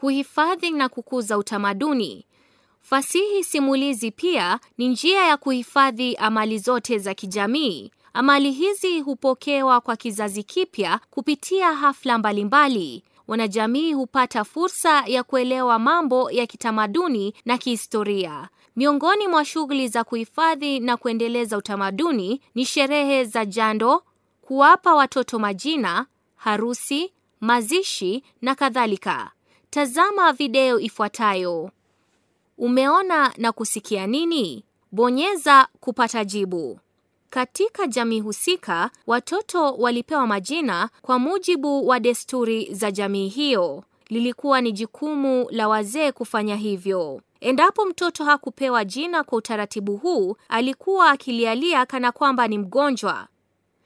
kuhifadhi na kukuza utamaduni. Fasihi simulizi pia ni njia ya kuhifadhi amali zote za kijamii. Amali hizi hupokewa kwa kizazi kipya kupitia hafla mbalimbali. Wanajamii hupata fursa ya kuelewa mambo ya kitamaduni na kihistoria. Miongoni mwa shughuli za kuhifadhi na kuendeleza utamaduni ni sherehe za jando, kuwapa watoto majina, harusi, mazishi na kadhalika. Tazama video ifuatayo. Umeona na kusikia nini? Bonyeza kupata jibu. Katika jamii husika, watoto walipewa majina kwa mujibu wa desturi za jamii hiyo. Lilikuwa ni jukumu la wazee kufanya hivyo. Endapo mtoto hakupewa jina kwa utaratibu huu, alikuwa akilialia kana kwamba ni mgonjwa.